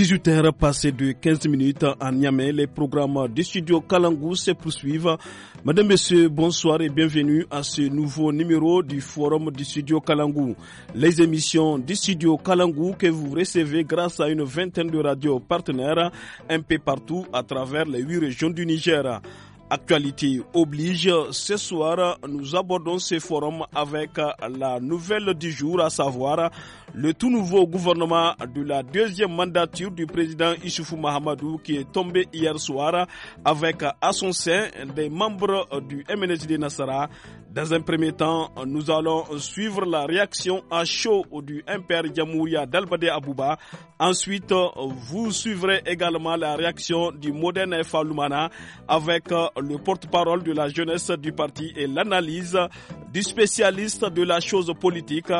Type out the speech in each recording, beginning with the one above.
18h passé de 15 minutes à Niamey, les programmes du studio Kalangou se poursuivent. Madame, Messieurs, bonsoir et bienvenue à ce nouveau numéro du forum du studio Kalangou. Les émissions du studio Kalangou que vous recevez grâce à une vingtaine de radios partenaires un peu partout à travers les huit régions du Niger. Actualité oblige, ce soir, nous abordons ce forum avec la nouvelle du jour, à savoir le tout nouveau gouvernement de la deuxième mandature du président Issoufou Mahamadou qui est tombé hier soir avec à son sein des membres du MNSD Nassara. Dans un premier temps, nous allons suivre la réaction à chaud du impère Djamouria d'Albade Abouba. Ensuite, vous suivrez également la réaction du moderne Falumana avec euh, le porte-parole de la jeunesse du parti et l'analyse du spécialiste de la chose politique.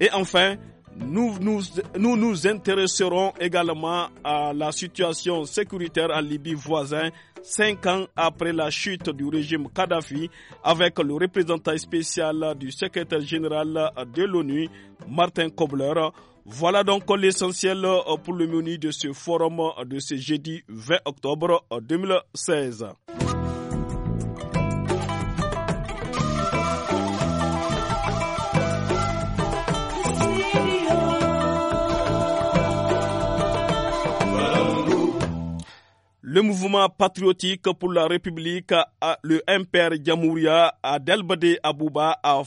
Et enfin, nous nous, nous nous intéresserons également à la situation sécuritaire en Libye voisin cinq ans après la chute du régime Kadhafi, avec le représentant spécial du secrétaire général de l'ONU, Martin Kobler. Voilà donc l'essentiel euh, pour le menu de ce forum de ce jeudi 20 octobre 2016. Euh, Le mouvement patriotique pour la République, euh, le impère Djamouria euh, Delbade Abouba a,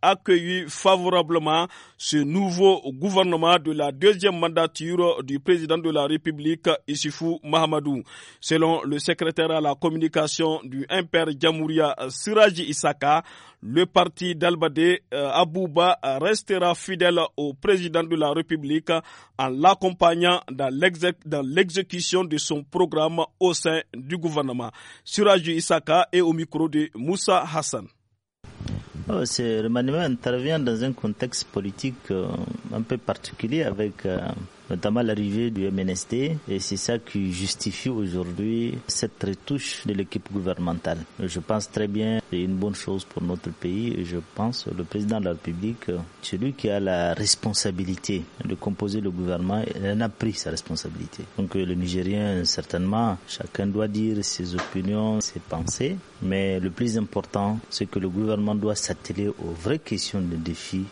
accueilli favorablement ce nouveau gouvernement de la deuxième mandature du président de la République Isifou Mahamadou. Selon le secrétaire à la communication du impère Djamouria Siraji Isaka, le parti d'Albadé euh, Abouba restera fidèle au président de la République en l'accompagnant dans l'exécution de son programme au sein du gouvernement. Suraju Isaka est au micro de Moussa Hassan. Oh, ce intervient dans un contexte politique euh, un peu particulier avec notamment l'arrivée du MNST, et c'est ça qui justifie aujourd'hui cette retouche de l'équipe gouvernementale. Je pense très bien, c'est une bonne chose pour notre pays, et je pense le président de la République, celui qui a la responsabilité de composer le gouvernement, il en a pris sa responsabilité. Donc le Nigérien, certainement, chacun doit dire ses opinions, ses pensées, mais le plus important, c'est que le gouvernement doit s'atteler aux vraies questions de défis,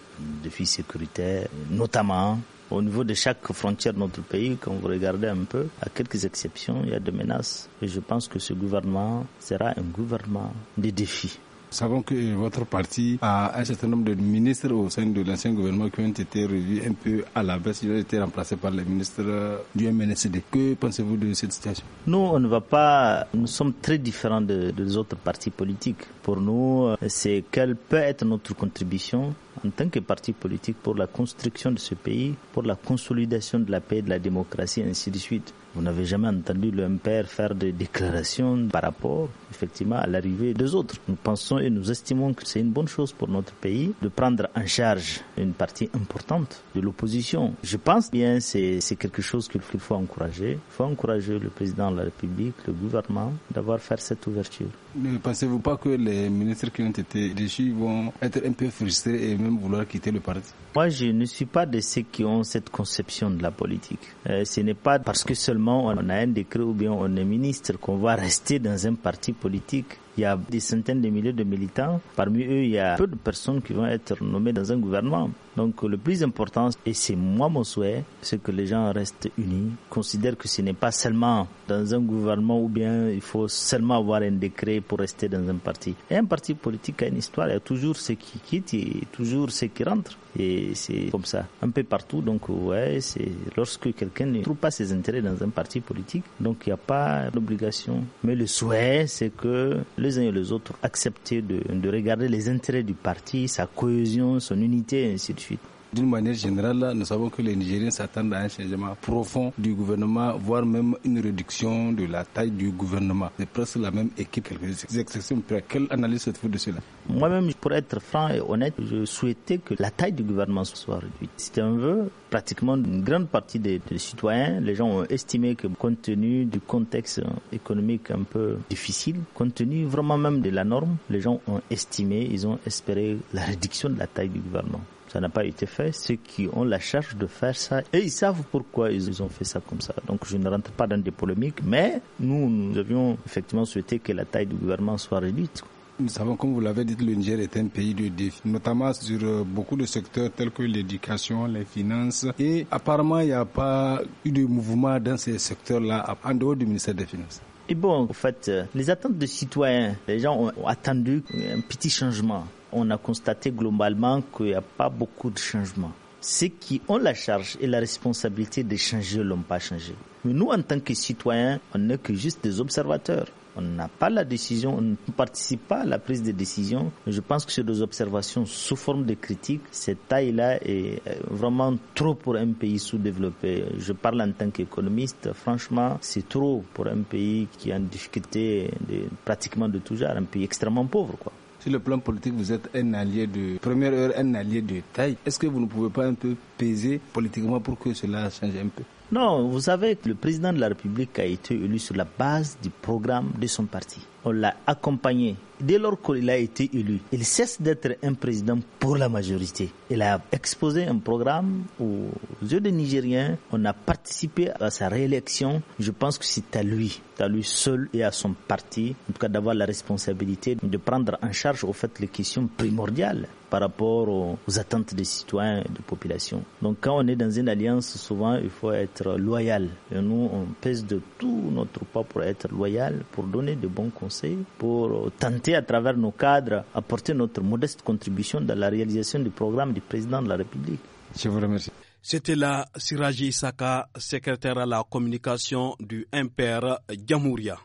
défis sécuritaires, notamment au niveau de chaque frontière de notre pays, quand vous regardez un peu, à quelques exceptions, il y a des menaces. Et je pense que ce gouvernement sera un gouvernement de défis. savons que votre parti a un certain nombre de ministres au sein de l'ancien gouvernement qui ont été revus un peu à la baisse. Ils ont été remplacés par les ministres du MNSD. Que pensez-vous de cette situation Nous, on ne va pas. Nous sommes très différents des autres partis politiques. Pour nous, euh, c'est quelle peut être notre contribution en tant que parti politique pour la construction de ce pays, pour la consolidation de la paix, de la démocratie, ainsi de suite. Vous n'avez jamais entendu le MPR faire des déclarations par rapport, effectivement, à l'arrivée des autres. Nous pensons et nous estimons que c'est une bonne chose pour notre pays de prendre en charge une partie importante de l'opposition. Je pense bien c'est c'est quelque chose qu'il faut encourager. Il faut encourager le président de la République, le gouvernement, d'avoir fait cette ouverture. Ne pensez-vous pas que les ministres qui ont été déchus vont être un peu frustrés et même vouloir quitter le parti Moi, je ne suis pas de ceux qui ont cette conception de la politique. Euh, ce n'est pas parce que seulement on a un décret ou bien on est ministre qu'on va rester dans un parti politique. Il y a des centaines de milliers de militants. Parmi eux, il y a peu de personnes qui vont être nommées dans un gouvernement. Donc le plus important, et c'est moi mon souhait, c'est que les gens restent unis, considèrent que ce n'est pas seulement dans un gouvernement ou bien il faut seulement avoir un décret pour rester dans un parti. Et un parti politique a une histoire, il y a toujours ceux qui quittent et toujours ceux qui rentrent. Et c'est comme ça, un peu partout. Donc ouais, c'est lorsque quelqu'un ne trouve pas ses intérêts dans un parti politique, donc il n'y a pas d'obligation. Mais le souhait, c'est que les uns et les autres accepter de, de regarder les intérêts du parti, sa cohésion, son unité, et ainsi de suite. D'une manière générale, nous savons que les Nigériens s'attendent à un changement profond du gouvernement, voire même une réduction de la taille du gouvernement. C'est presque la même équipe, quelques Quelle analyse faites-vous de cela Moi-même, pour être franc et honnête, je souhaitais que la taille du gouvernement soit réduite. C'était un vœu. Pratiquement une grande partie des, citoyens, les gens ont estimé que compte tenu du contexte économique un peu difficile, compte tenu vraiment même de la norme, les gens ont estimé, ils ont espéré la réduction de la taille du gouvernement ça n'a pas été fait. Ceux qui ont la charge de faire ça, et ils savent pourquoi ils ont fait ça comme ça. Donc je ne rentre pas dans des polémiques, mais nous, nous avions effectivement souhaité que la taille du gouvernement soit réduite. Nous savons, comme vous l'avez dit, le Niger est un pays de défis, notamment sur euh, beaucoup de secteurs tels que l'éducation, les finances. Et apparemment, il n'y a pas eu de mouvement dans ces secteurs-là, en dehors du ministère des Finances. Et bon, en fait, euh, les attentes des citoyens, les gens ont attendu un petit changement on a constaté globalement qu'il n'y a pas beaucoup de changements. Ceux qui ont la charge et la responsabilité de changer l'ont pas changé. Mais nous, en tant que citoyens, on n'est que juste des observateurs. On n'a pas la décision, on ne participe pas à la prise de décision. Je pense que ces des observations sous forme de critiques. cette taille-là est euh, vraiment trop pour un pays sous-développé. Je parle en tant qu'économiste. Franchement, c'est trop pour un pays qui a une difficulté de, pratiquement de tout genre, un pays extrêmement pauvre, quoi. Sur le plan politique, vous êtes un allié de première heure, un allié de taille. Est-ce que vous ne pouvez pas un peu peser politiquement pour que cela change un peu non, vous savez, que le président de la République a été élu sur la base du programme de son parti. On l'a accompagné dès lors qu'il a été élu, il cesse d'être un président pour la majorité. Il a exposé un programme aux yeux des Nigériens. On a participé à sa réélection. Je pense que c'est à lui, à lui seul et à son parti, en tout cas d'avoir la responsabilité de prendre en charge au fait les questions primordiales par rapport aux, attentes des citoyens et de population. Donc quand on est dans une alliance, souvent il faut être loyal. Et nous, on pèse de tout notre poids pour être loyal, pour donner de bons conseils, pour tenter à travers nos cadres, apporter notre modeste contribution dans la réalisation du programme du président de la République. Je vous remercie. C'était là Siraji Isaka, secrétaire à la communication du impère. Djamouria.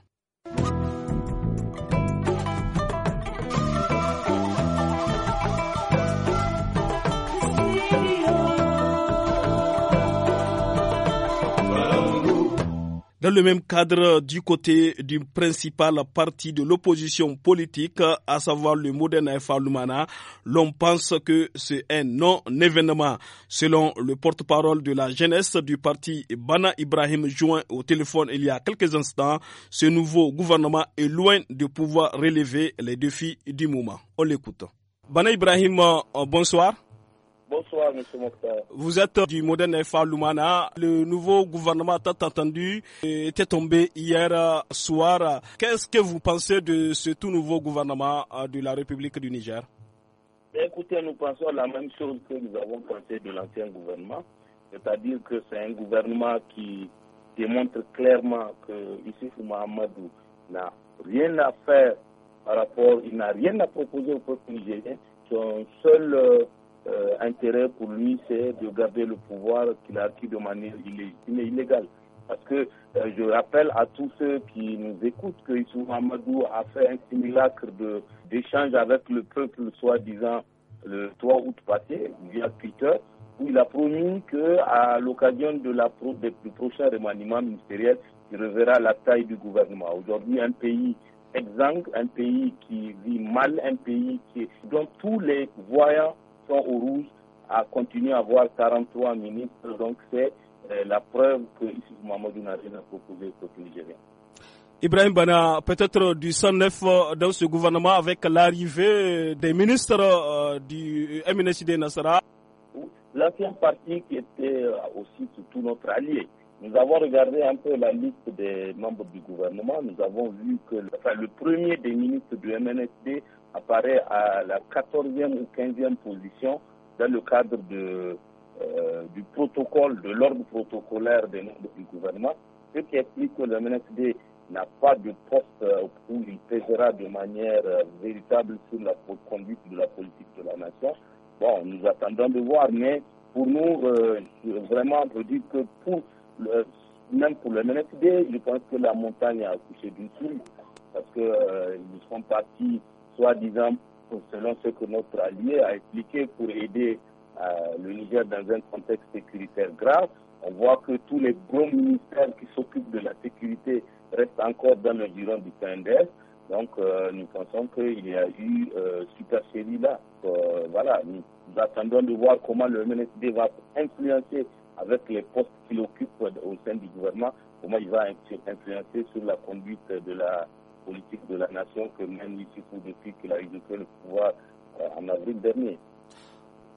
Dans le même cadre, du côté d'une principale partie de l'opposition politique, à savoir le Modena Falumana, l'on pense que c'est un non-événement. Selon le porte-parole de la jeunesse du parti Bana Ibrahim joint au téléphone il y a quelques instants, ce nouveau gouvernement est loin de pouvoir relever les défis du moment. On l'écoute. Bana Ibrahim, euh, bonsoir. Bonsoir, M. Mokhtar. Vous êtes du Modène FA Lumana. Le nouveau gouvernement tant entendu était tombé hier euh, soir. Qu'est-ce que vous pensez de ce tout nouveau gouvernement euh, de la République du Niger ben, Écoutez, nous pensons la même chose que nous avons pensé de l'ancien gouvernement, c'est-à-dire que c'est un gouvernement qui démontre clairement que Issoufou Mahamadou n'a rien à faire par rapport, il n'a rien à proposer au peuple nigérien. Son seul euh, euh, intérêt pour lui, c'est de garder le pouvoir qu'il a acquis de manière illégale. Parce que euh, je rappelle à tous ceux qui nous écoutent que Issou Amadou a fait un simulacre d'échange avec le peuple, soi-disant, le 3 août passé, via Twitter, où il a promis qu'à l'occasion de la pro ministériel, il reverra la taille du gouvernement. Aujourd'hui, un pays exsangue, un pays qui vit mal, un pays qui, dont tous les voyants sont au rouge, a continué à avoir 43 ministres. Donc c'est euh, la preuve que Issouf Mamadou n'a a proposé proposer au Ibrahim Bana, peut-être du 109 euh, dans ce gouvernement avec l'arrivée des ministres euh, du MNSD Nassara L'ancien parti qui était aussi surtout notre allié. Nous avons regardé un peu la liste des membres du gouvernement. Nous avons vu que le, le premier des ministres du MNSD apparaît à la 14e ou 15e position dans le cadre de, euh, du protocole, de l'ordre protocolaire des membres du gouvernement, ce qui explique que le MNFD n'a pas de poste euh, où il pèsera de manière euh, véritable sur la conduite de la politique de la nation. Bon, nous attendons de voir, mais pour nous, vraiment, je dire que pour le, même pour le MNFD, je pense que la montagne a accouché d'une souris, parce que euh, ils sont partis soi-disant, selon ce que notre allié a expliqué, pour aider euh, le Niger dans un contexte sécuritaire grave. On voit que tous les gros ministères qui s'occupent de la sécurité restent encore dans le giron du PNDS. Donc, euh, nous pensons qu'il y a eu euh, super série là. voilà, nous, attendons de voir comment le MNSD va influencer avec les postes qu'il occupe au sein du gouvernement, comment il va influencer sur la conduite de la politique de la nation que même Issoufou depuis qu'il a eu le pouvoir euh, en avril dernier.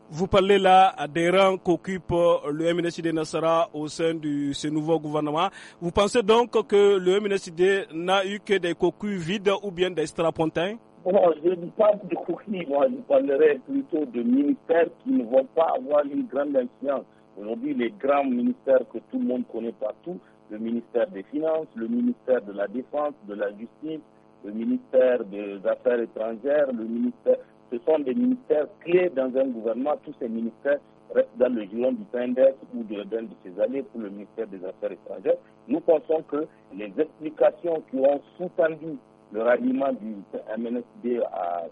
Vous parlez là des rangs qu'occupe euh, le MNSD Nassara au sein de ce nouveau gouvernement. Vous pensez donc que le MNSD n'a eu que des cocus vides ou bien des strapontins Bon, je ne parle pas de coquilles. moi je parlerai plutôt de ministères qui ne vont pas avoir une grande influence. Aujourd'hui, les grands ministères que tout le monde connaît partout, le ministère des Finances, le ministère de la Défense, de la Justice, le ministère des Affaires étrangères, le ministère. Ce sont des ministères clés dans un gouvernement. Tous ces ministères restent dans le giron du PNDS ou de d'un de ses alliés pour le ministère des Affaires étrangères. Nous pensons que les explications qui ont sous-tendu le ralliement du MNSD à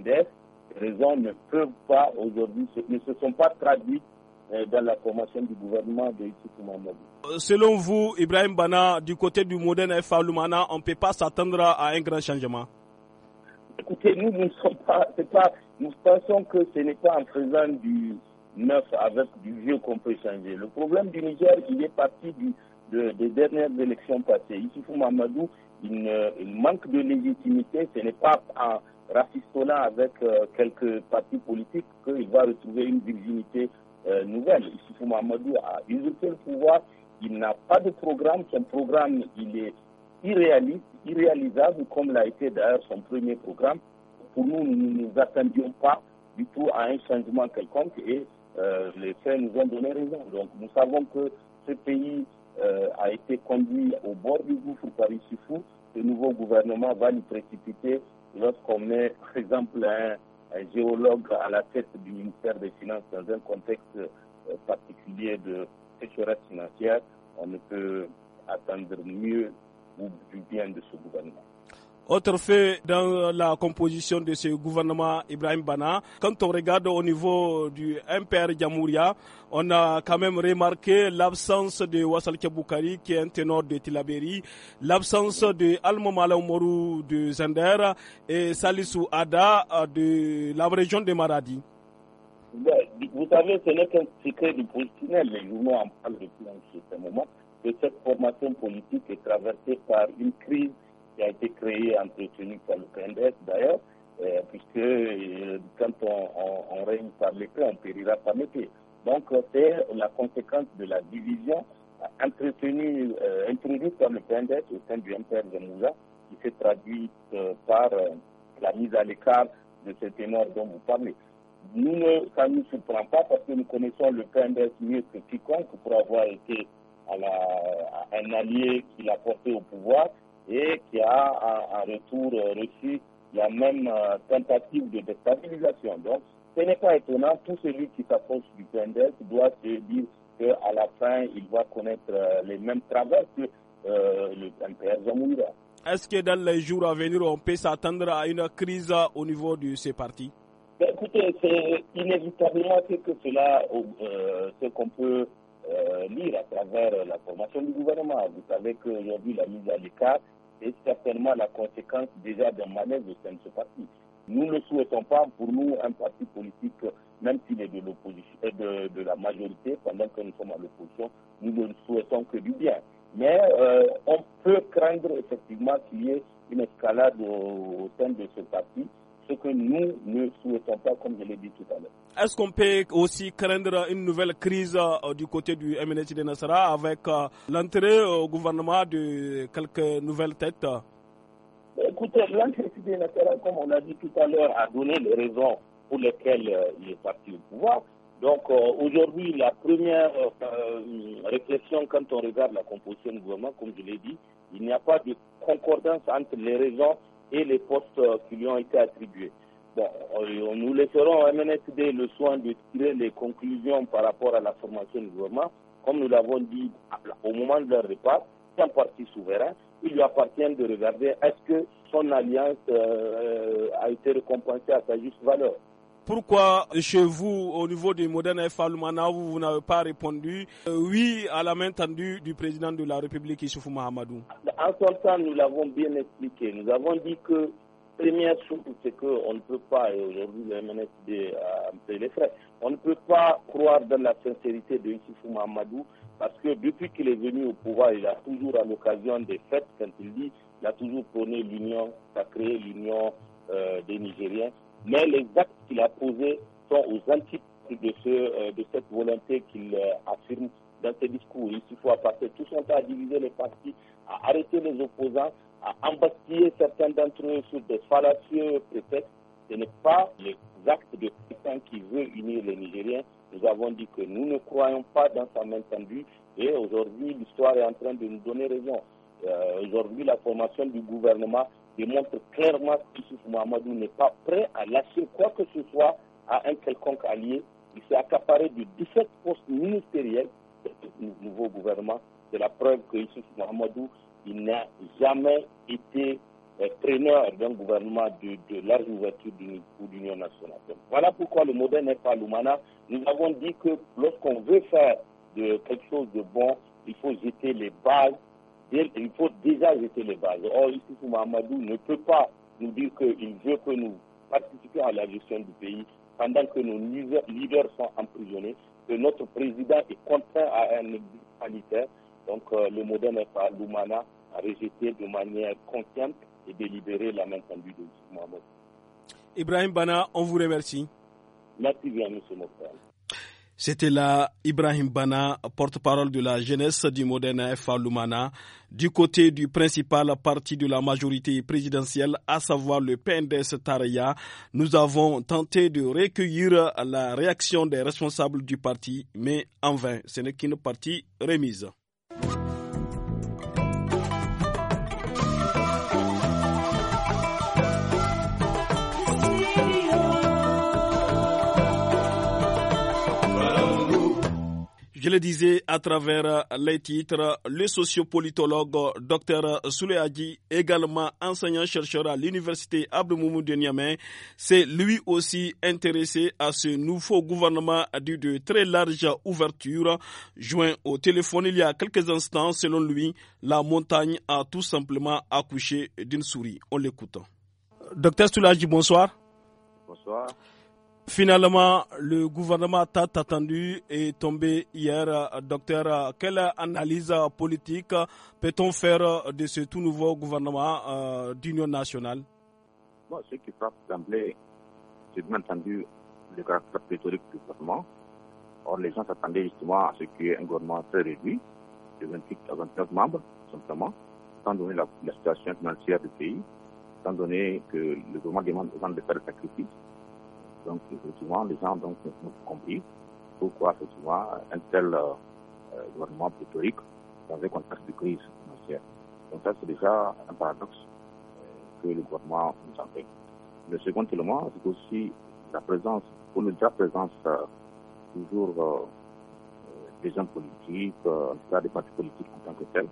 les raison ne peuvent pas aujourd'hui, ne se sont pas traduites euh, dans la formation du gouvernement de Mamadou. Euh, selon vous, Ibrahim Bana, du côté du modèle Falumana, on ne peut pas s'attendre à un grand changement Écoutez, nous, ne pas, pas, nous pensons que ce n'est pas en faisant du neuf avec du vieux qu'on peut changer. Le problème du Niger, il est parti du, des dernières élections passées. Issoufou Mamadou, il, manque de légitimité. Ce n'est pas en rafistonnant avec euh, quelques partis politiques qu'il va retrouver une virginité euh, nouvelle. Issoufou Mahamadou a usurpé le pouvoir, il n'a pas de programme, son programme il est irréaliste, irréalisable, comme l'a été d'ailleurs son premier programme. Pour nous, nous ne nous attendions pas du tout à un changement quelconque et euh, les faits nous ont donné raison. Donc nous savons que ce pays euh, a été conduit au bord du gouffre par Issifou. Le nouveau gouvernement va le précipiter lorsqu'on met, par exemple, un un géologue à la tête du ministère des Finances dans un contexte euh, particulier de sécheresse financière, on ne peut attendre mieux ou du bien de ce gouvernement. Autre fait dans la composition de ce gouvernement Ibrahim Bana, quand on regarde au niveau du MPR Djamouria, on a quand même remarqué l'absence de Wassal Keboukari qui est un ténor de Tilaberi, l'absence de Almo Malaumoru de Zender et Salisu Ada euh, de la région de Maradi. Vous savez, ce n'est qu'un secret du mais Les journaux en parlent depuis un ce moment que cette formation politique est traversée par une crise a été créé entretenu par le PNDS d'ailleurs, euh, puisque euh, quand on, règne par l'épée, on périra par l'épée. Donc c'est la conséquence de la division entretenue, euh, introduite par le PNDS au sein du MPR de Moula, qui s'est traduite par la mise à l'écart de cette énorme dont vous parlez. Nous, ça ne nous surprend pas parce que nous connaissons le PNDS mieux que quiconque pour avoir été un allié qui l'a porté au pouvoir et qui a en retour euh, reçu la même euh, tentative de déstabilisation. Donc, ce n'est pas étonnant, tout celui qui s'approche du PNDS doit se dire qu'à la fin, il va connaître euh, les mêmes travers que le MPR Zamoura. Est-ce que dans les jours à venir, on peut s'attendre à une crise au niveau de ces partis ben, Écoutez, c'est inévitablement ce que cela, ce qu'on peut euh, lire à travers euh, la formation du gouvernement. Vous savez qu'aujourd'hui, la mise à l'écart est certainement la conséquence déjà d'un malaise au sein de ce parti. Nous ne souhaitons pas, pour nous, un parti politique, même s'il est de l'opposition, euh, de, de, la majorité, pendant que nous sommes à l'opposition, nous ne souhaitons que du bien. Mais on peut craindre effectivement qu'il y ait une escalade au sein de ce parti ce que nous ne souhaitons pas, comme je l'ai dit tout à l'heure. Est-ce qu'on peut aussi craindre une nouvelle crise euh, du côté du MNH de Nassara avec euh, l'entrée au gouvernement de quelques nouvelles têtes bah, Écoutez, l'entrée de Nassara, comme on l'a dit tout à l'heure, a donné les raisons pour lesquelles euh, il est parti au pouvoir. Donc aujourd'hui, la première réflexion quand on regarde la composition du gouvernement, comme je l'ai dit, il n'y a pas de concordance entre les raisons et les postes euh, qui lui ont été attribués. Bon, euh, nous laisserons à MNSD le soin de tirer les conclusions par rapport à la formation du gouvernement. Comme nous l'avons dit au moment de leur départ, c'est un parti souverain. Il lui appartient de regarder est-ce que son alliance euh, a été récompensée à sa juste valeur. Pourquoi chez vous, au niveau du Modène Falumana, vous, vous n'avez pas répondu euh, oui à la main tendue du président de la République, Issoufou Mahamadou En ce temps, nous l'avons bien expliqué. Nous avons dit que première chose, c'est qu'on ne peut pas, et aujourd'hui le MNSD a fait les on ne peut pas croire dans la sincérité de Issoufou Mahamadou parce que depuis qu'il est venu au pouvoir, il a toujours à l'occasion des fêtes, quand il dit, il a toujours prôné l'union, ça a créé l'union euh, des Nigériens. Mais les actes qu'il a posés sont aux antipodes de, euh, cette volonté qu'il euh, affirme dans ses discours. Il faut passer tout son temps à diviser les partis, à arrêter les opposants, à embastiller certains d'entre eux sur des fallacieux prétextes. Ce n'est pas les actes de quelqu'un qui veut unir les Nigériens. Nous avons dit que nous ne croyons pas dans sa main tendue et aujourd'hui l'histoire est en train de nous donner raison. Euh, aujourd'hui la formation du gouvernement démontre clairement qu'Issouf Mohamadou n'est pas prêt à lâcher quoi que ce soit à un quelconque allié. Il s'est accaparé de 17 postes ministériels de ce nouveau gouvernement. C'est la preuve que Issouf n'a jamais été euh, traîneur d'un gouvernement de, large ouverture ou d'union nationale. voilà pourquoi le modèle n'est pas l'Oumana. Nous avons dit que lorsqu'on veut faire de quelque chose de bon, il faut jeter les bases il faut déjà jeter les bases. Or, ici, Mahamadou ne peut pas nous dire qu'il veut que nous participions à la gestion du pays pendant que nos leaders sont emprisonnés, que notre président est contraint à un exil sanitaire. Donc, euh, le modèle par l'Umana a rejeté de manière consciente et délibérée la main tendue de Mohamed. Ibrahim Bana, on vous remercie. Merci bien, M. Mokhtar. C'était là Ibrahim Bana, porte-parole de la jeunesse du moderne FA du côté du principal parti de la majorité présidentielle, à savoir le PNDS Taraya. Nous avons tenté de recueillir la réaction des responsables du parti, mais en vain. Ce n'est qu'une partie remise. Je le disais à travers les titres, le sociopolitologue Dr Soule également enseignant-chercheur à l'université Abdelmoumou de Niamey, s'est lui aussi intéressé à ce nouveau gouvernement dû de très large ouverture. Joint au téléphone il y a quelques instants, selon lui, la montagne a tout simplement accouché d'une souris. On l'écoute. Docteur Soule bonsoir. Bonsoir. Finalement, le gouvernement tant attendu est tombé hier. Docteur, quelle analyse politique peut-on faire de ce tout nouveau gouvernement euh, d'union nationale Ce qui frappe d'emblée, c'est bien entendu le caractère pléthorique du gouvernement. Or, les gens s'attendaient justement à ce qu'il y ait un gouvernement très réduit, de 28 à 29 membres, simplement, étant donné la, situation financière du pays, étant donné que le gouvernement demande aux gens de faire des sacrifices donc, effectivement, les gens donc, ont compris pourquoi, effectivement, un tel euh, euh, gouvernement pléthorique dans un contexte de crise financière. Donc, ça, c'est déjà un paradoxe euh, que le gouvernement nous en fait. Le second élément, c'est aussi la présence, ou déjà présence toujours des hommes politiques, en tout cas des partis politiques en tant que tel.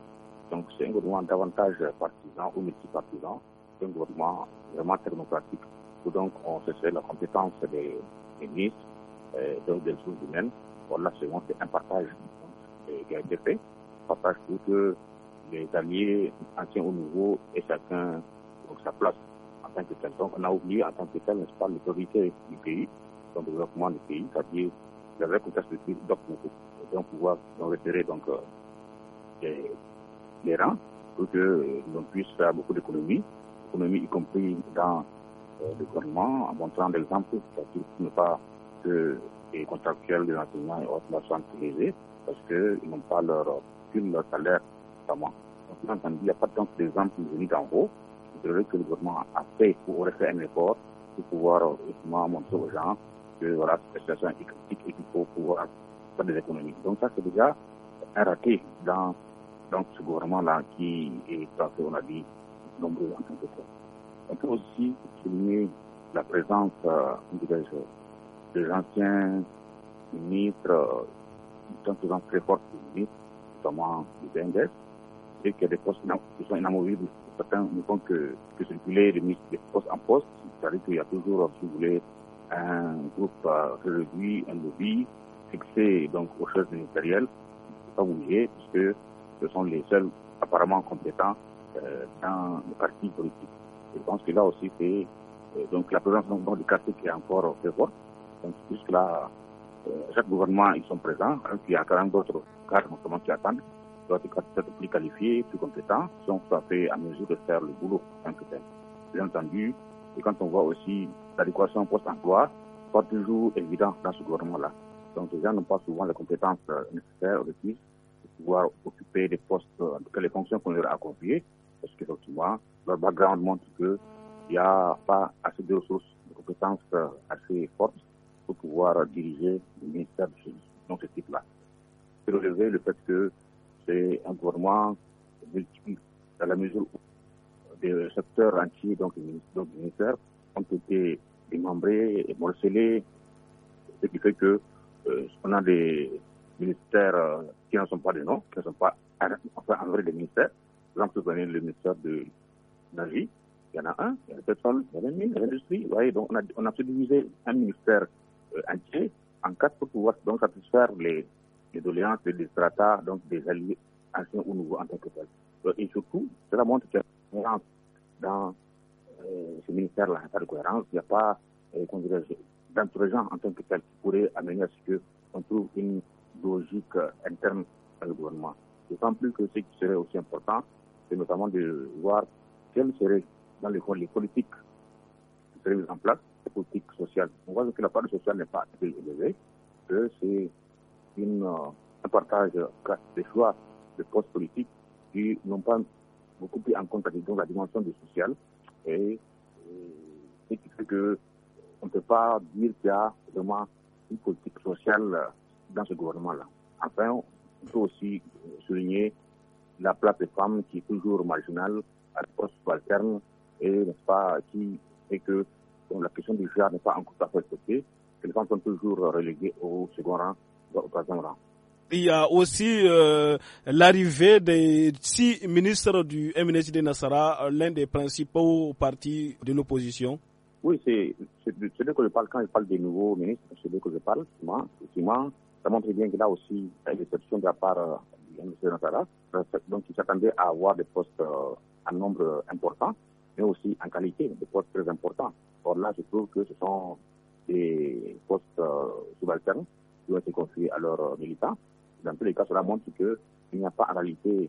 Donc, c'est un gouvernement davantage partisan ou multipartisan qu'un gouvernement vraiment technocratique donc on se fait la compétence des, ministres, euh, donc des ressources humaines. Voilà, c'est un partage euh, qui a été fait, partage pour que les alliés anciens ou nouveaux aient chacun sa place en tant que tel. Donc on a oublié en tant que tel, n'est-ce pas, l'autorité du pays, son développement du pays, c'est-à-dire la vrai contexte du pays pouvoir donc, repérer donc, euh, les rangs pour que euh, l'on puisse faire beaucoup d'économies, économies y compris dans le euh, gouvernement en montrant des c'est-à-dire ne pas que les contractuels de l'enseignement et autres la soient utilisés, parce qu'ils n'ont pas leur, leur salaire notamment. Donc, il n'y a pas tant d'exemple mis d'en haut. Je dirais que le gouvernement a fait ou aurait fait un effort pour pouvoir justement montrer aux gens que voilà, cette situation est critique et qu'il faut pouvoir faire des économies. Donc, ça, c'est déjà un raté dans, dans ce gouvernement-là qui est, on a dit, nombreux en tant que on peut aussi souligner la présence, euh, l'ancien ministre, ministres, euh, une présence très forte du ministre, notamment du BNDES, et qu'il y a des postes qui sont inamovibles. Certains ne font que, circuler des, des postes en poste, c'est-à-dire qu'il y a toujours, si vous voulez, un groupe euh, réduit, un lobby fixé donc aux choses ministérielles, pas oublier, puisque ce sont les seuls apparemment compétents euh, dans le parti politique. Je pense que là aussi, c'est euh, donc la présence du quartier qui est encore très forte. Donc puisque là euh, chaque gouvernement, ils sont présents. Hein, il y a même d'autres cadres notamment qui attendent. doivent être plus qualifiés, plus compétents, sont on à fait à mesure de faire le boulot en Bien entendu, et quand on voit aussi l'adéquation post-emploi, pas toujours évident dans ce gouvernement-là. Donc les gens n'ont pas souvent les compétences euh, nécessaires de pour pouvoir occuper des postes, en tout les fonctions qu'on leur a confiées. Parce que leur background montre qu'il n'y a pas assez de ressources, de compétences euh, assez fortes pour pouvoir diriger le ministère de dans ce type-là. C'est le fait que c'est un gouvernement multiple, à la mesure où des secteurs entiers, donc, donc ministère, ont été démembrés et morcelés, ce qui fait que euh, on a des ministères euh, qui ne sont pas des noms, qui ne sont pas enfin, en vrai des ministères, exemple, vous avez le ministère de la Il y en a un, il y a le il y a l'industrie. Voyez, donc on a, on a subdivisé un ministère euh, entier en quatre pour pouvoir donc satisfaire les, les doléances les strata, donc des alliés anciens ou nouveaux en tant que tels. Euh, et surtout, cela montre qu'il y a une cohérence dans euh, ce ministère-là. Il n'y pas cohérence, il n'y a pas en tant que tel qui pourrait amener à ce qu'on trouve une logique interne à le gouvernement. D'autant plus que ce qui serait aussi important, c'est notamment de voir quelles seraient dans les politiques qui seraient mises en place, les politiques sociales. On voit que la part sociale n'est pas très élevée, que c'est euh, un partage des choix de postes politiques qui n'ont pas beaucoup pris en compte la dimension du social et, c'est qui fait que ne peut pas dire qu'il y a vraiment une politique sociale euh, dans ce gouvernement-là. Enfin, il faut aussi souligner la place des femmes qui est toujours marginale, à poste subalterne, et qui fait que la question du genre n'est pas encore tout à fait respectée, que les femmes sont toujours reléguées au second rang, au troisième rang. Il y a aussi euh, l'arrivée des six ministres du de Nassara, l'un des principaux partis de l'opposition. Oui, c'est de que je parle quand je parle des nouveaux ministres, c'est de que je parle. Effectivement, ça montre bien qu'il y a aussi une déception de la part euh, euh, donc ils s'attendaient à avoir des postes en euh, nombre important, mais aussi en qualité, des postes très importants. Or là, je trouve que ce sont des postes euh, subalternes qui ont été confiés à leurs militants. Dans tous les cas, cela montre qu'il n'y a pas en réalité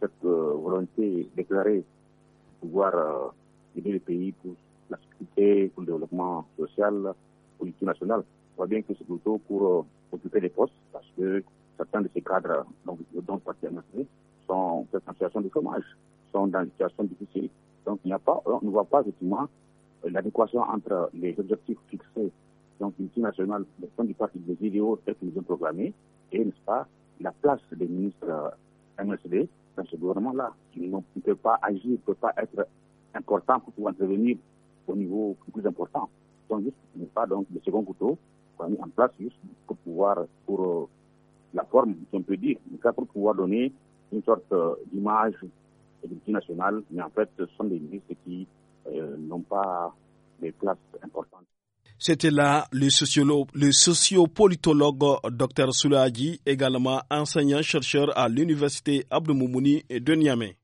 cette volonté déclarée de pouvoir aider le pays pour la sécurité, pour le développement social, politique nationale. On voit bien que c'est plutôt pour occuper des postes parce que certains de ces cadres donc, dont le sont en situation de chômage, sont dans une situation difficile. Donc il n'y a pas, on ne voit pas effectivement l'adéquation entre les objectifs fixés donc multinationales le fond du parti des idéaux tels qu'ils ont programmés et n'est-ce pas la place des ministres euh, MSD dans ce gouvernement-là. Ils ne peuvent pas agir, ne peuvent pas être importants pour pouvoir intervenir au niveau plus important. Donc juste n'est pas donc le second couteau en place juste pour pouvoir pour euh, la forme, si on peut dire, en pour pouvoir donner une sorte euh, d'image multinationale, mais en fait, ce sont des ministres qui euh, n'ont pas des places importantes. C'était là le, sociologue, le sociopolitologue Dr Soulaadi, également enseignant-chercheur à l'université Abdou et de Niamey.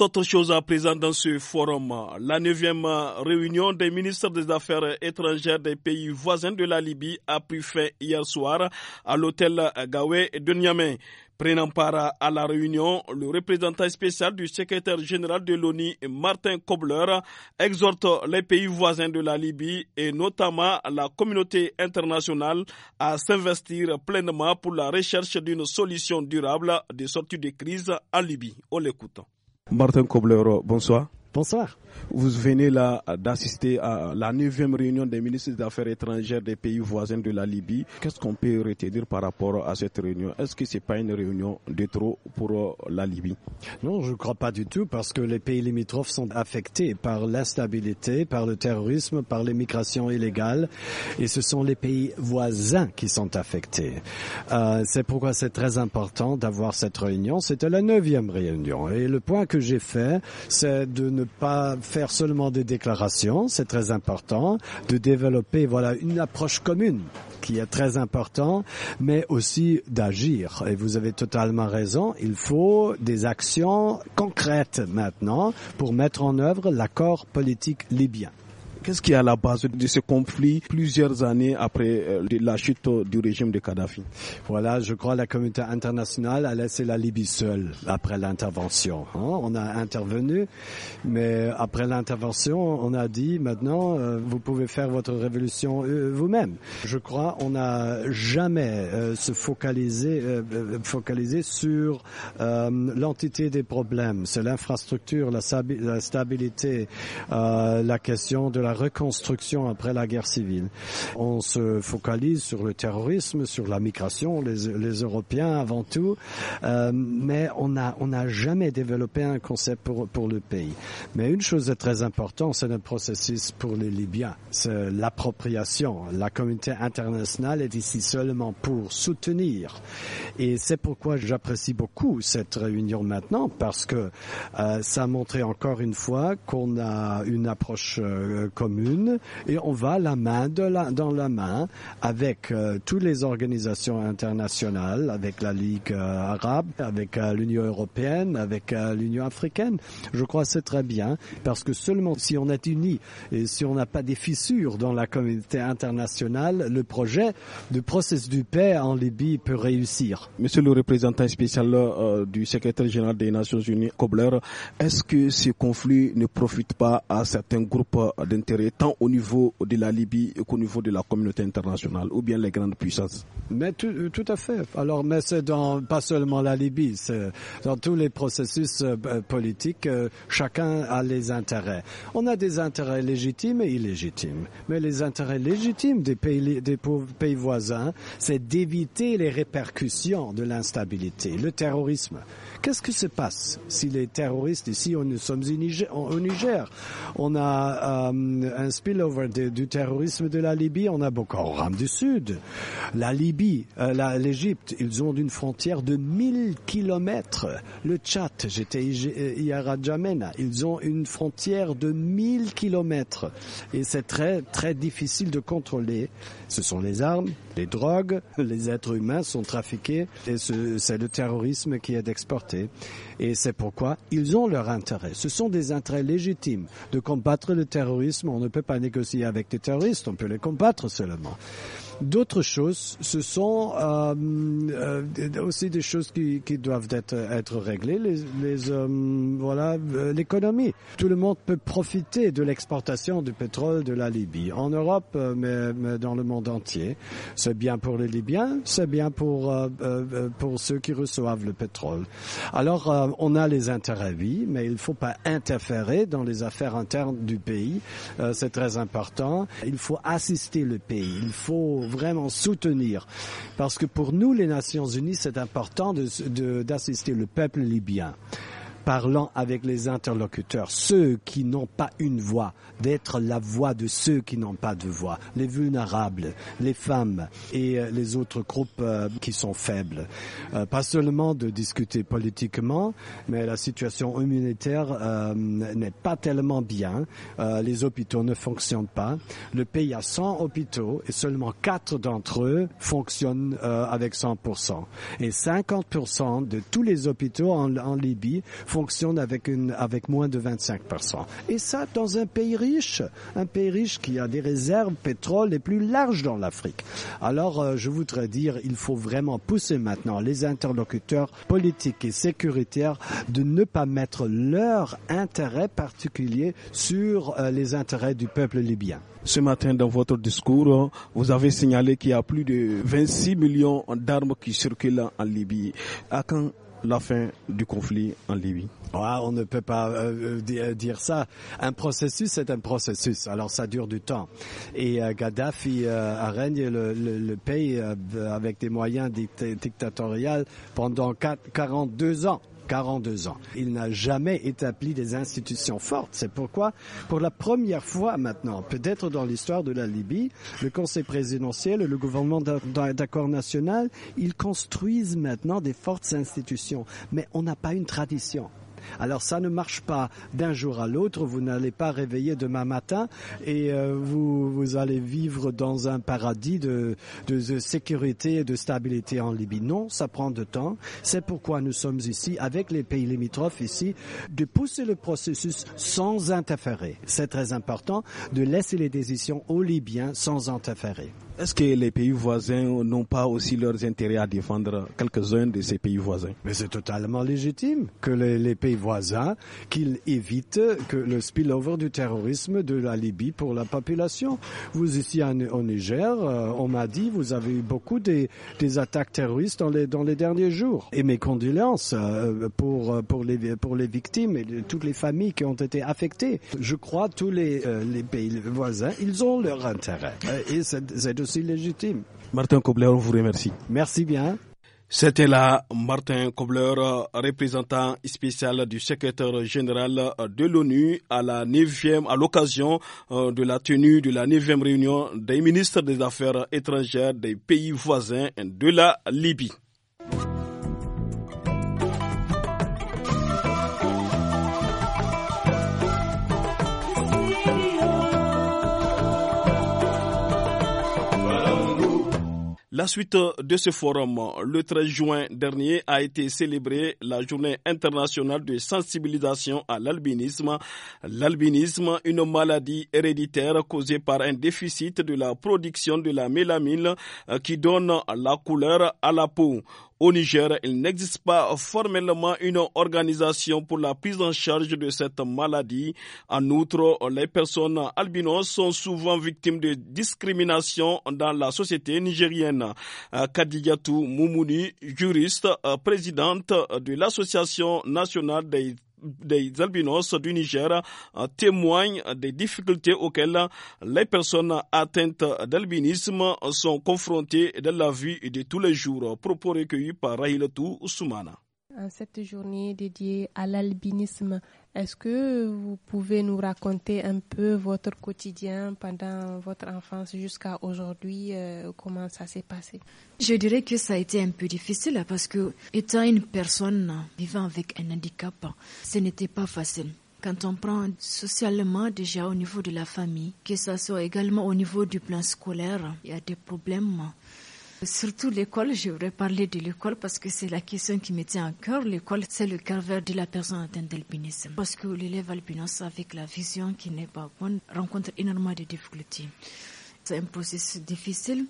autre chose à présent dans ce forum, la neuvième réunion des ministres des Affaires étrangères des pays voisins de la Libye a pris fin hier soir à l'hôtel Gawé de Niamey. Prenant part à la réunion, le représentant spécial du secrétaire général de l'ONU, Martin Kobler, exhorte les pays voisins de la Libye et notamment la communauté internationale à s'investir pleinement pour la recherche d'une solution durable de sorties de crise en Libye. On l'écoute. Martin Kobler, bonsoir. Bonsoir. Vous venez là d'assister à la neuvième réunion des ministres des Affaires étrangères des pays voisins de la Libye. Qu'est-ce qu'on peut retenir par rapport à cette réunion Est-ce que ce n'est pas une réunion de trop pour euh, la Libye Non, je ne crois pas du tout parce que les pays limitrophes sont affectés par l'instabilité, par le terrorisme, par l'immigration illégale et ce sont les pays voisins qui sont affectés. Euh, c'est pourquoi c'est très important d'avoir cette réunion. C'était la neuvième réunion et le point que j'ai fait, c'est de ne pas faire seulement des déclarations, c'est très important, de développer voilà une approche commune qui est très important, mais aussi d'agir. Et vous avez totalement raison, il faut des actions concrètes maintenant pour mettre en œuvre l'accord politique libyen. Qu'est-ce qui est à la base de ce conflit plusieurs années après euh, la chute du régime de Kadhafi Voilà, je crois que la communauté internationale a laissé la Libye seule après l'intervention. Hein. On a intervenu, mais après l'intervention, on a dit maintenant, euh, vous pouvez faire votre révolution euh, vous-même. Je crois qu'on n'a jamais se focalisé, focalisé sur l'entité des problèmes. C'est l'infrastructure, la, la stabilité, la question de la reconstruction après la guerre civile. On se focalise sur le terrorisme, sur la migration, les, Européens avant tout, euh, mais on n'a on a jamais développé un concept pour, pour le pays. Mais une chose est très importante, c'est le processus pour les Libyens, c'est l'appropriation. La communauté internationale est ici seulement pour soutenir. Et c'est pourquoi j'apprécie beaucoup cette réunion maintenant, parce que euh, ça a montré encore une fois qu'on a une approche euh, commune et on va la main de la, dans la main avec euh, toutes les organisations internationales, avec la Ligue euh, arabe, avec euh, l'Union européenne, avec l'Union africaine. Je crois que c'est très bien parce que seulement si on est unis et si on n'a pas des fissures dans la communauté internationale, le projet de processus du paix en Libye peut réussir. Monsieur le représentant spécial du secrétaire général des Nations Unies, Kobler, est-ce que ce conflit ne profite pas à certains groupes d'intérêt tant au niveau de la Libye qu'au niveau de la communauté internationale ou bien les grandes puissances. Mais tout, à fait. Alors, mais c'est dans pas seulement la Libye, c'est dans tous les processus euh, euh, politiques, euh, chacun a les intérêts. On a des intérêts légitimes et illégitimes. Mais les intérêts légitimes des pays, des pays voisins, c'est d'éviter les répercussions de l'instabilité, le terrorisme. Qu'est-ce qui se passe si les terroristes ici, on, nous sommes au Niger, on a un spillover du terrorisme de la Libye, on a Boko Haram du Sud. La Libye, euh, l'Égypte, ils ont une frontière de 1000 kilomètres. Le Tchad, j'étais hier à Djamena, ils ont une frontière de 1000 kilomètres. Et c'est très, très difficile de contrôler ce sont les armes, les drogues, les êtres humains sont trafiqués et c'est le terrorisme qui est exporté. Et c'est pourquoi ils ont leur intérêt. Ce sont des intérêts légitimes de combattre le terrorisme. On ne peut pas négocier avec des terroristes, on peut les combattre seulement. D'autres choses, ce sont euh, euh, aussi des choses qui, qui doivent être, être réglées. Les, les euh, voilà, euh, l'économie. Tout le monde peut profiter de l'exportation du pétrole de la Libye en Europe, mais, dans le monde entier. C'est bien pour les Libyens, c'est bien pour pour ceux qui reçoivent le pétrole. Alors on a les intérêts, oui, mais il ne faut pas interférer dans les affaires internes du pays. c'est très important. Il faut assister le pays. Il faut vraiment soutenir. Parce que pour nous, les Nations Unies, c'est important d'assister le peuple libyen parlant avec les interlocuteurs, ceux qui n'ont pas une voix, d'être la voix de ceux qui n'ont pas de voix, les vulnérables, les femmes et euh, les autres groupes euh, qui sont faibles. Euh, pas seulement de discuter politiquement, mais la situation humanitaire n'est pas tellement bien. Les hôpitaux ne fonctionnent pas. Le pays a 100 hôpitaux et seulement 4 d'entre eux fonctionnent avec 100%. Et 50% de tous les hôpitaux en, en Libye fonctionne avec une, avec moins de 25%. Et ça, dans un pays riche, un pays riche qui a des réserves pétrole les plus larges dans l'Afrique. Alors, euh, je voudrais dire, il faut vraiment pousser maintenant les interlocuteurs politiques et sécuritaires de ne pas mettre leur intérêt particulier sur euh, les intérêts du peuple libyen. Ce matin, dans votre discours, hein, vous avez signalé qu'il y a plus de 26 millions d'armes qui circulent en Libye. À quand la fin du conflit en Libye. on ne peut pas euh, euh, euh, dire ça. Un processus, c'est un processus. Alors ça dure du temps. Et Gaddafi a régné le, pays avec des moyens dictatoriaux pendant 42 ans. 42 ans. Il n'a jamais établi des institutions fortes. C'est pourquoi, pour la première fois maintenant, peut-être dans l'histoire de la Libye, le Conseil présidentiel et le gouvernement d'accord national, ils construisent maintenant des fortes institutions. Mais on n'a pas une tradition. Alors ça ne marche pas d'un jour à l'autre. Vous n'allez pas réveiller demain matin et euh, vous, allez vivre dans un paradis de, sécurité et de stabilité en Libye. Non, ça prend du temps. C'est pourquoi nous sommes ici avec les pays limitrophes ici de pousser le processus sans interférer. C'est très important de laisser les décisions aux Libyens sans interférer. Est-ce que les pays voisins n'ont pas aussi leurs intérêts à défendre quelques-uns de ces pays voisins Mais c'est totalement légitime que les, pays voisins qu'ils évitent que le spillover du terrorisme de la Libye pour la population. Vous ici en, au Niger, euh, on m'a dit vous avez eu beaucoup des, attaques terroristes dans les dans les derniers jours. Et mes condoléances euh, pour pour les pour les victimes et toutes les familles qui ont été affectées. Je crois tous les euh, les pays voisins, ils ont leur intérêt et c'est de légitime. Martin Kobler, on vous remercie. Merci bien. C'était là Martin Kobler, représentant spécial du secrétaire général de l'ONU à la 9e, à l'occasion euh, de la tenue de la 9e réunion des ministres des Affaires étrangères des pays voisins de la Libye. La suite de ce forum, le 13 juin dernier, a été célébrée la journée internationale de sensibilisation à l'albinisme. L'albinisme, une maladie héréditaire causée par un déficit de la production de la mélamine euh, qui donne la couleur à la peau. Au Niger, il n'existe pas formellement une organisation pour la prise en charge de cette maladie. En outre, les personnes albinos sont souvent victimes de discrimination dans la société nigérienne. Euh, Kadigatou Moumouni, juriste, euh, présidente de l'Association nationale des des albinos du Niger euh, témoignent des difficultés auxquelles les personnes atteintes d'albinisme sont confrontées dans la vie de tous les jours. Propos recueillis par Rahil Tou Soumana en euh, cette journée dédiée à l'albinisme. Est-ce que vous pouvez nous raconter un peu votre quotidien pendant votre enfance jusqu'à aujourd'hui euh, Comment ça s'est passé Je dirais que ça a été un peu difficile parce que étant une personne vivant avec un handicap, ce n'était pas facile quand on prend socialement déjà au niveau de la famille, que ce soit également au niveau du plan scolaire, il y a des problèmes. Surtout l'école, je voudrais parler de l'école parce que c'est la question qui me tient à cœur. L'école, c'est le calvaire de la personne atteinte d'alpinisme. Parce que l'élève albinos, avec la vision qui n'est pas bonne, rencontre énormément de difficultés. C'est un processus difficile.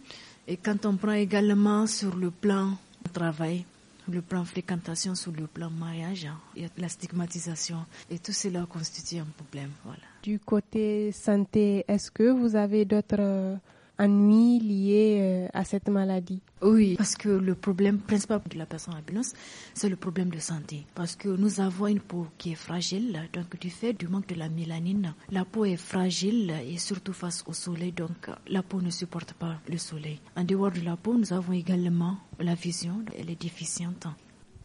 Et quand on prend également sur le plan travail, le plan fréquentation, sur le plan mariage, il y a la stigmatisation. Et tout cela constitue un problème. Voilà. Du côté santé, est-ce que vous avez d'autres euh, ennuis liés euh, à cette maladie Oui, parce que le problème principal de la personne ambulance, c'est le problème de santé. Parce que nous avons une peau qui est fragile, donc du fait du manque de la mélanine, la peau est fragile et surtout face au soleil, donc la peau ne supporte pas le soleil. En dehors de la peau, nous avons également la vision, elle est déficiente.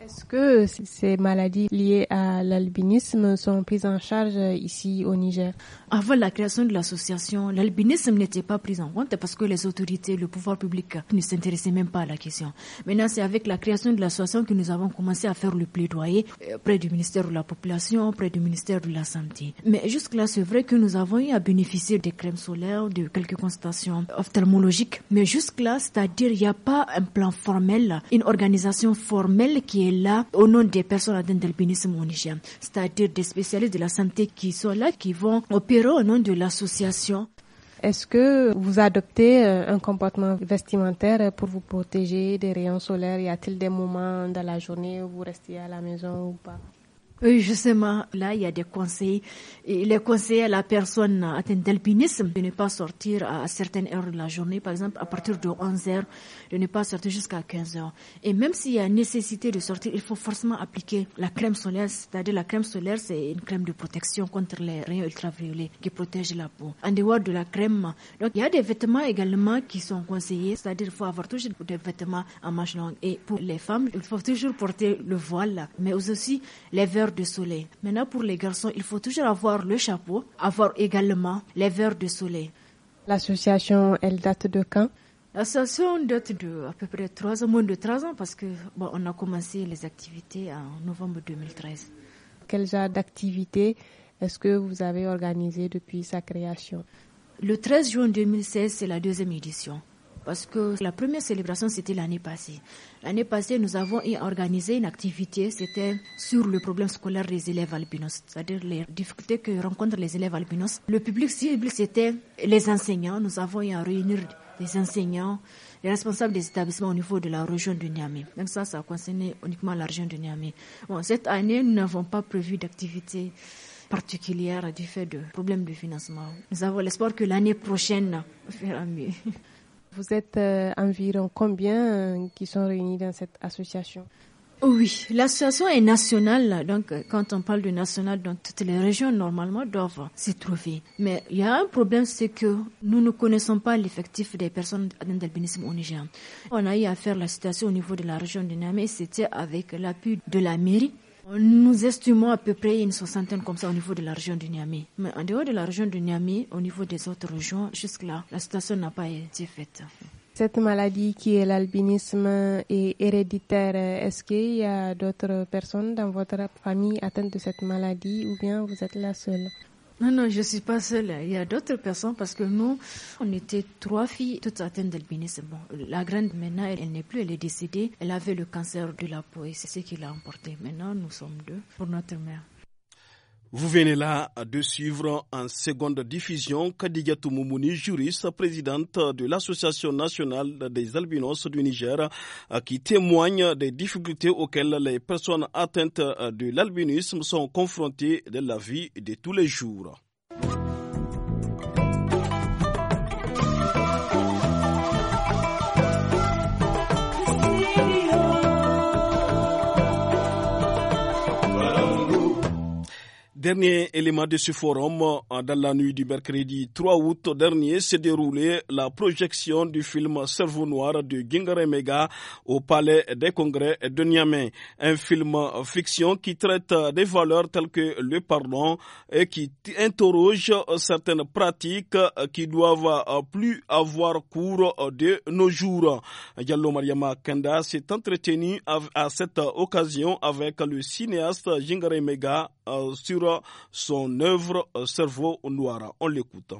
Est-ce que ces maladies liées à l'albinisme sont prises en charge ici au Niger Avant la création de l'association, l'albinisme n'était pas pris en compte parce que les autorités, le pouvoir public ne s'intéressaient même pas à la question. Maintenant, c'est avec la création de l'association que nous avons commencé à faire le plaidoyer euh, près du ministère de la Population, auprès du ministère de la Santé. Mais jusque-là, c'est vrai que nous avons eu à bénéficier des crèmes solaires, de quelques consultations ophtalmologiques. Mais jusque-là, c'est-à-dire, il n'y a pas un plan formel, une organisation formelle qui est au nom des personnes atteintes d'albinisme au c'est-à-dire des spécialistes de la santé qui sont là, qui vont opérer au nom de l'association. Est-ce que vous adoptez euh, un comportement vestimentaire pour vous protéger des rayons solaires Y a-t-il des moments dans la journée où vous restez à la maison ou pas oui, justement, là, il y a des conseils. Et les conseils à la personne atteinte d'alpinisme, de ne pas sortir à certaines heures de la journée, par exemple à partir de 11 heures, de ne pas sortir jusqu'à 15 heures. Et même s'il y a nécessité de sortir, il faut forcément appliquer la crème solaire, c'est-à-dire la crème solaire, c'est une crème de protection contre les rayons ultraviolets qui protège la peau. En dehors de la crème, donc il y a des vêtements également qui sont conseillés, c'est-à-dire il faut avoir toujours des vêtements en manches longues. Et pour les femmes, il faut toujours porter le voile, mais aussi les verres de soleil. Maintenant, pour les garçons, il faut toujours avoir le chapeau, avoir également les verres de soleil. L'association, elle date de quand L'association date de à peu près 3 ans, moins de 3 ans, parce que on a commencé les activités en novembre 2013. Quel genre d'activités est-ce que vous avez organisé depuis sa création Le 13 juin 2016, c'est la deuxième édition. Parce que la première célébration, c'était l'année passée. L'année passée, nous avons organisé une activité, c'était sur le problème scolaire des élèves albinos, c'est-à-dire les difficultés que rencontrent les élèves albinos. Le public cible, c'était les enseignants. Nous avons eu à réunir les enseignants, les responsables des établissements au niveau de la région de Niamey. Donc ça, ça concernait uniquement la région de Niamey. Bon, cette année, nous n'avons pas prévu d'activité particulière du fait de problèmes de financement. Nous avons l'espoir que l'année prochaine, on fera mieux. Vous êtes euh, environ combien euh, qui sont réunis dans cette association oh Oui, l'association est nationale. Donc, euh, quand on parle de national, donc toutes les régions normalement doivent s'y trouver. Mais il y a un problème, c'est que nous ne connaissons pas l'effectif des personnes atteintes d'albinisme au Niger. On a eu à faire la situation au niveau de la région de Niamey. C'était avec l'appui de la mairie nous estimons à peu près une soixantaine comme ça au niveau de la région de Niamey. Mais en dehors de la région du Niamey, au niveau des autres régions, jusque-là, la situation n'a pas été faite. Cette maladie qui est l'albinisme est héréditaire. Est-ce qu'il y a d'autres personnes dans votre famille atteintes de cette maladie ou bien vous êtes la seule non, non, je ne suis pas seule. Il y a d'autres personnes parce que nous, on était trois filles toutes atteintes c'est Bon, la grande, maintenant, elle, n'est plus, elle est décédée. Elle avait le cancer de la peau et c'est ce qui l'a emporté. Maintenant, nous sommes deux pour notre mère. Vous venez là de suivre en seconde diffusion Kadigatou Moumouni, juriste, présidente de l'Association nationale des albinos du Niger, qui témoigne des difficultés auxquelles les personnes atteintes de l'albinisme sont confrontées dans la vie de tous les jours. Dernier élément de ce forum, euh, dans la nuit du mercredi 3 août dernier, s'est déroulée la projection du film Cerveau noir de Gingare Mega au Palais des Congrès de Niamey. Un film fiction qui traite des valeurs telles que le pardon et qui interroge certaines pratiques euh, qui doivent euh, plus avoir cours de nos jours. Yallo Mariama Kanda s'est entretenu à cette occasion avec le cinéaste Gingare Mega sur son œuvre euh, Cerveau noir. On l'écoute.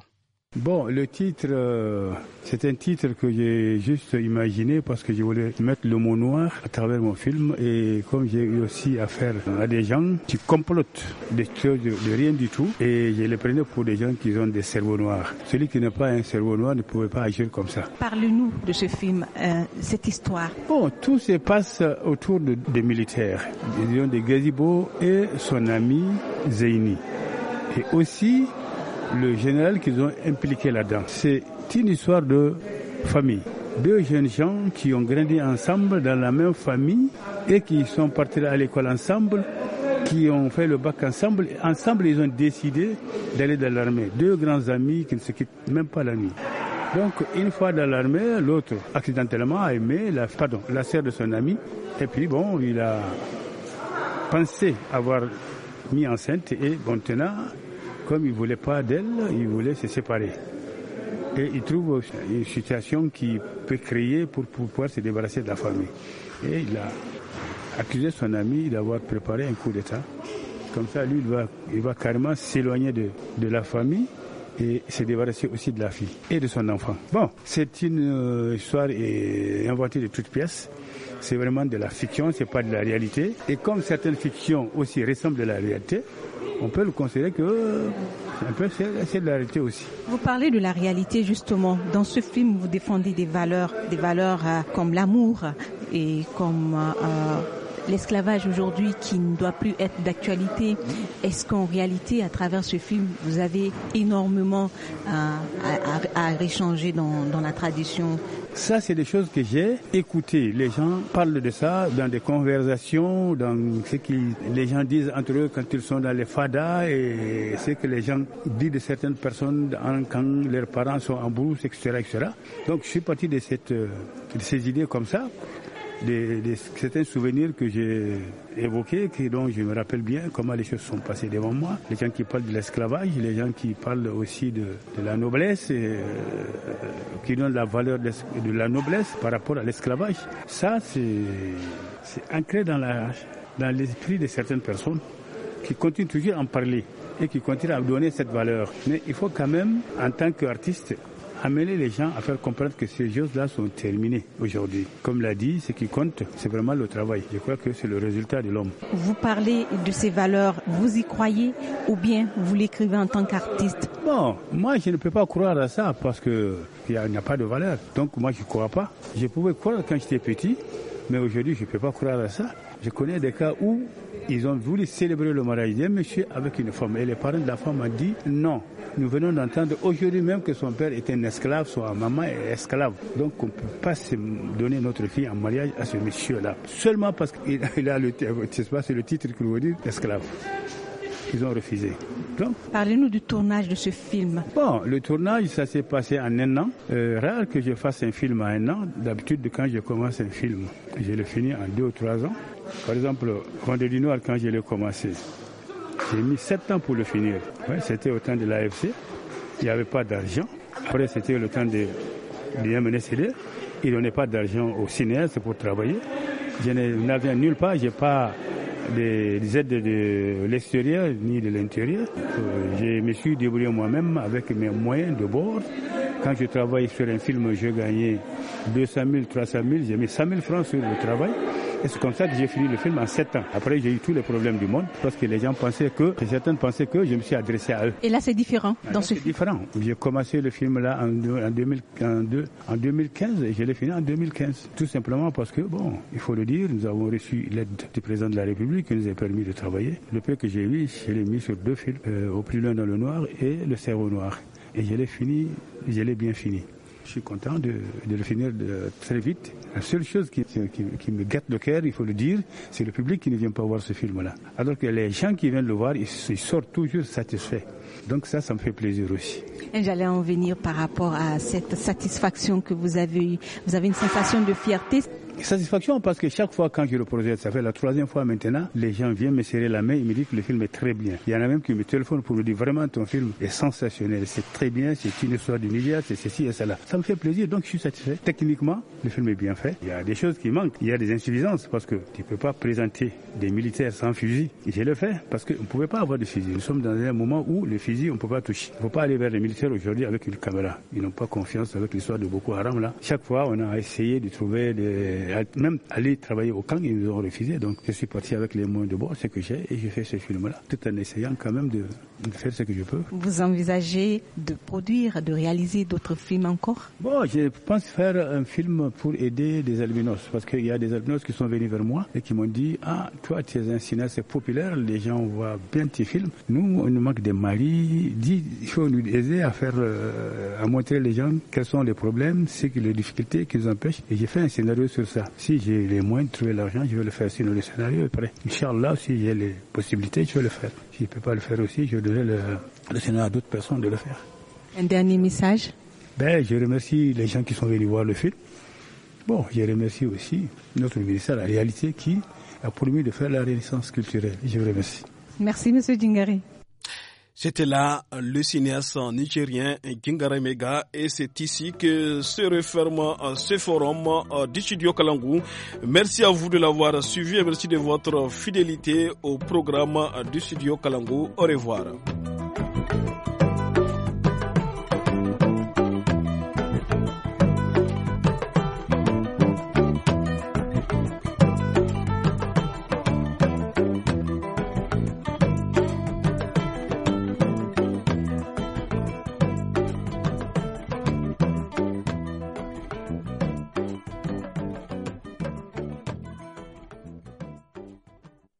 Bon, le titre, euh, c'est un titre que j'ai juste imaginé parce que je voulais mettre le mot noir à travers mon film et comme j'ai eu aussi affaire à des gens qui complotent des choses de rien du tout et je les prenais pour des gens qui ont des cerveaux noirs. Celui qui n'a pas un cerveau noir ne pouvait pas agir comme ça. Parle-nous de ce film, euh, cette histoire. Bon, tout se passe autour de, des militaires, gens de Gazibo et son ami Zeini. Et aussi le général qu'ils ont impliqué là-dedans. C'est une histoire de famille. Deux jeunes gens qui ont grandi ensemble dans la même famille et qui sont partis à l'école ensemble, qui ont fait le bac ensemble. Ensemble, ils ont décidé d'aller dans l'armée. Deux grands amis qui ne se quittent même pas la nuit. Donc, une fois dans l'armée, l'autre accidentellement a aimé la, pardon, la sœur de son ami. Et puis, bon, il a pensé avoir mis enceinte et bon, maintenant, comme il ne voulait pas d'elle, il voulait se séparer. Et il trouve une situation qui peut créer pour pouvoir se débarrasser de la famille. Et il a accusé son ami d'avoir préparé un coup d'État. Comme ça, lui, il va, carrément s'éloigner de, la famille et se débarrasser aussi de la fille et de son enfant. Bon, c'est une euh, histoire inventée de toutes pièces. C'est vraiment de la fiction, c'est pas de la réalité. Et comme certaines fictions aussi ressemblent à la réalité, on peut le considérer que euh, c'est de la réalité aussi. Vous parlez de la réalité justement. Dans ce film, vous défendez des valeurs, des valeurs euh, comme l'amour et comme euh, l'esclavage aujourd'hui qui ne doit plus être d'actualité, est-ce qu'en réalité, à travers ce film, vous avez énormément à, réchanger dans, la tradition ça, c'est des choses que j'ai écoutées. Les gens parlent de ça dans des conversations, dans ce que les gens disent entre eux quand ils sont dans les fadas et ce que les gens disent de certaines personnes quand leurs parents sont en bourse, etc., etc. Donc, je suis parti de, euh, de ces idées comme ça. C'est un certains souvenirs que j'ai évoqués, dont je me rappelle bien comment les choses sont passées devant moi. Les gens qui parlent de l'esclavage, les gens qui parlent aussi de, la noblesse, euh, qui donnent la valeur de, la noblesse par rapport à l'esclavage. Ça, c'est ancré dans dans l'esprit de certaines personnes qui continuent toujours à en parler et qui continuent à donner cette valeur. Mais il faut quand même, en tant qu'artiste, amener les gens à faire comprendre que ces choses-là sont terminées aujourd'hui. Comme l'a dit, ce qui compte, c'est vraiment le travail. Je crois que c'est le résultat de l'homme. Vous parlez de ces valeurs, vous y croyez ou bien vous l'écrivez en tant qu'artiste Bon, moi je ne peux pas croire à ça parce que il n'y a, a, pas de valeur. Donc moi je ne crois pas. Je pouvais croire quand j'étais petit, mais aujourd'hui je ne peux pas croire à ça. Je connais des cas où ils ont voulu célébrer le mariage d'un monsieur avec une femme. Et les parents de la femme ont dit non. Nous venons d'entendre aujourd'hui même que son père est un esclave, sa maman est esclave. Donc on ne peut pas donner notre fille en mariage à ce monsieur-là. Seulement parce qu'il a le, c'est le titre que vous dire, esclave ils ont refusé. Parlez-nous du tournage de ce film. Bon, le tournage, ça s'est passé en un an. Euh, rare que je fasse un film en un an. D'habitude, quand je commence un film, je le finis en deux ou trois ans. Par exemple, du Noir, quand je l'ai commencé, j'ai mis sept ans pour le finir. c'était au temps de l'AFC. Il n'y avait pas d'argent. Après, c'était le temps de, Bien Il n'y avait pas d'argent au cinéaste pour travailler. Je n'avais nulle part, j'ai pas des aides de l'extérieur ni de l'intérieur. Euh, je me suis débrouillé moi-même avec mes moyens de bord. Quand je travaille sur un film, je gagnais 200 000, 300 000, j'ai mis 100 000 francs sur le travail. Et c'est comme ça que j'ai fini le film en 7 ans. Après, j'ai eu tous les problèmes du monde parce que les gens pensaient que, certains pensaient que je me suis adressé à eux. Et là, c'est différent ah, dans ce film. C'est différent. J'ai commencé le film là en, en, en, 2015 et je l'ai fini en 2015. Tout simplement parce que, bon, il faut le dire, nous avons reçu l'aide du président de la République qui nous a permis de travailler. Le peu que j'ai eu, je l'ai mis sur deux films, euh, Au plus loin dans le noir et Le cerveau noir. Et je l'ai fini, je l'ai bien fini je suis content de, le finir très vite. La seule chose qui, me gâte le cœur, il faut le dire, c'est le public qui ne vient pas voir ce film-là. Alors que les gens qui viennent le voir, ils, ils sortent toujours satisfaits. Donc ça, ça me fait plaisir aussi. J'allais en venir par rapport à cette satisfaction que vous avez eue. Vous avez une sensation de fierté. Satisfaction parce que chaque fois quand je le projette, ça fait la troisième fois maintenant, les gens viennent me serrer la main et me disent que le film est très bien. Il y en a même qui me téléphonent pour me dire vraiment ton film est sensationnel, c'est très bien, c'est une histoire du milliard, c'est ceci et cela. Ça me fait plaisir, donc je suis satisfait. Techniquement, le film est bien fait. Il y a des choses qui manquent, il y a des insuffisances parce que tu ne peux pas présenter des militaires sans fusil. J'ai le fait parce qu'on ne pouvait pas avoir de fusil. Nous sommes dans un moment où les fusils, on ne peut pas toucher. Il ne faut pas aller vers les militaires aujourd'hui avec une caméra. Ils n'ont pas confiance avec l'histoire de Boko Haram là. Chaque fois, on a essayé de trouver des même aller travailler au camp, ils nous ont refusé. Donc je suis parti avec les moyens de bord, ce que j'ai, et j'ai fait ce film-là, tout en essayant quand même de, faire ce que je peux. Vous envisagez de produire, de réaliser d'autres films encore Bon, je pense faire un film pour aider des albinos, parce qu'il y a des albinos qui sont venus vers moi et qui m'ont dit, ah, toi, tu es un cinéaste populaire, les gens voient bien tes films. Nous, on nous manque des maris, Il nous nous à faire, euh, à montrer les gens quels sont les problèmes, c'est que les difficultés qui nous empêchent. Et j'ai fait un scénario sur ça si j'ai les moyens de trouver l'argent, je vais le faire. Sinon, le scénario est prêt. Inch'Allah, si j'ai les possibilités, je vais le faire. Si je ne peux pas le faire aussi, je donnerai le, scénario à d'autres personnes de le faire. Un dernier message ben, Je remercie les gens qui sont venus voir le film. Bon, je remercie aussi notre ministère de la Réalité qui a promis de faire la Renaissance culturelle. Je vous remercie. Merci, Monsieur Dingari. C'était là le cinéaste nigérien Gingare Mega et c'est ici que se referme euh, ce forum euh, du studio Kalangou. Merci à vous de l'avoir suivi et merci de votre fidélité au programme euh, du studio Kalangou. Au revoir.